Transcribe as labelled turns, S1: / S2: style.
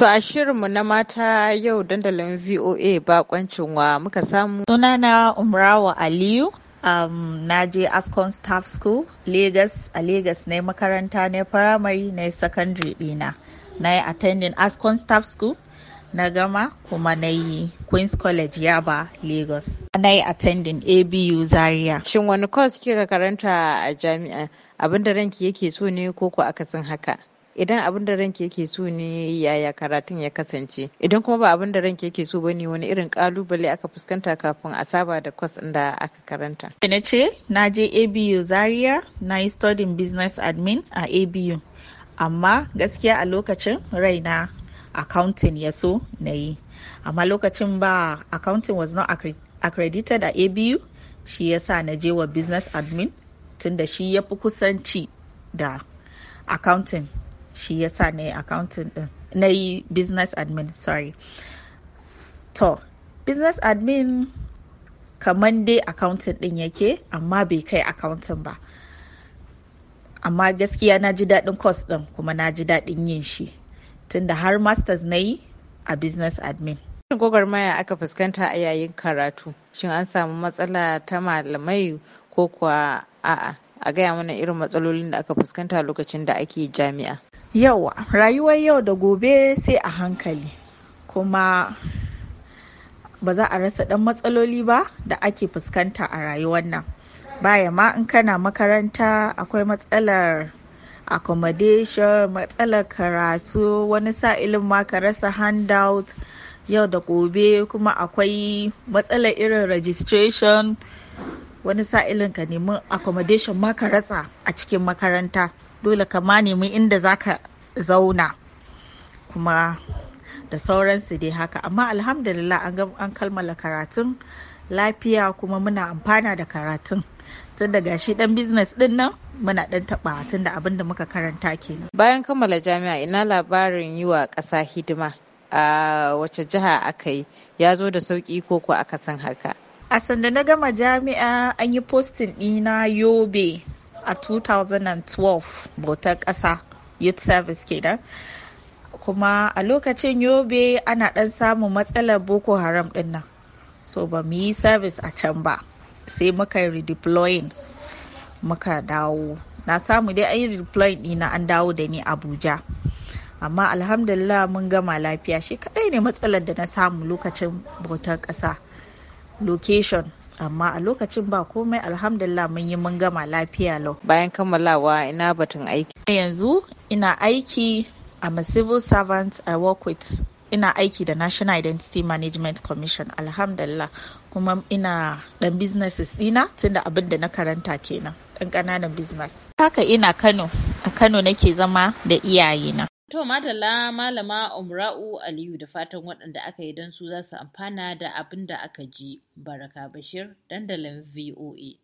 S1: To a shirinmu na mata yau dandalin VOA bakoncin wa muka samu. Sunana Umrawa Aliyu. Um, na je Ascon Staff School, Lagos, a Lagos na makaranta na primary na secondary dina. Na yi attending Ascon Staff School, na gama kuma na yi Queen's College Yaba, Lagos. Na yi attending ABU Zaria. Shin wani course kika karanta a jami'a?
S2: Abinda da ranki yake so ne ko ko akasin haka? idan abin da ranki yake so ne yaya karatun ya kasance idan kuma ba abin da ranki yake so ba ne wani irin kalubale aka fuskanta kafin a
S1: saba da kwas ɗin da aka karanta na ce na je abu zaria na yi studying business admin a abu amma gaskiya a lokacin raina accounting ya so na yi amma lokacin ba accounting was not accredited a abu shi yasa na je wa business admin tunda shi ya fi kusanci da accounting shi yasa na yi accounting din na yi business admin sorry to business admin kamar dai accounting din yake amma bai kai accounting ba amma gaskiya na ji daɗin course ɗin kuma na ji daɗin yin shi tunda har masters na yi a business admin
S2: gwagwarmaya aka fuskanta a yayin karatu shin an samu matsala ta malamai ko kuwa a'a a gaya mana irin matsalolin da aka fuskanta lokacin da ake jami'a
S1: yauwa rayuwar yau da gobe sai a hankali kuma ba za a rasa ɗan matsaloli ba da ake fuskanta a rayuwar nan baya ma in kana makaranta akwai matsalar accommodation matsalar karatu wani sa'ilin ma ka rasa handout yau da gobe kuma akwai matsalar irin registration wani sa'ilin ka nemi accommodation ma ka rasa a cikin makaranta dole ka ma nemi inda za ka zauna kuma da sauransu dai haka amma alhamdulillah an kalmala karatun lafiya kuma muna amfana da karatun tun daga shi dan business din nan muna dan taba tun da abin da muka karanta kenan
S2: bayan kammala jami'a ina labarin yi wa ƙasa hidima a wace jiha aka yi ya zo da sauƙi ko ko aka san haka
S1: a sanda na gama jami'a an yi postin ɗina yobe a 2012 bautar ƙasa youth service kenan kuma a lokacin yobe ana ɗan samun matsalar boko haram ɗin nan so ba mu yi service a can ba sai muka yi redeploying muka dawo na samu dai an yi redeploying ɗina an dawo da ni abuja amma alhamdulillah mun gama lafiya shi kaɗai ne matsalar da na samu lokacin bautar ƙasa location amma a lokacin ba komai alhamdulillah mun yi mun gama lafiya lau bayan kammalawa ina batun aiki yanzu ina aiki I'm a civil servant I work with ina aiki da National Identity Management Commission alhamdulillah kuma ina dan businesses dina tunda abin da na karanta kenan dan ƙananan business haka ina Kano a Kano nake zama da iyayena
S2: To matala malama Umra'u Aliyu da fatan waɗanda aka yi don su za su amfana da abin da aka ji. Baraka Bashir, dandalin VOA.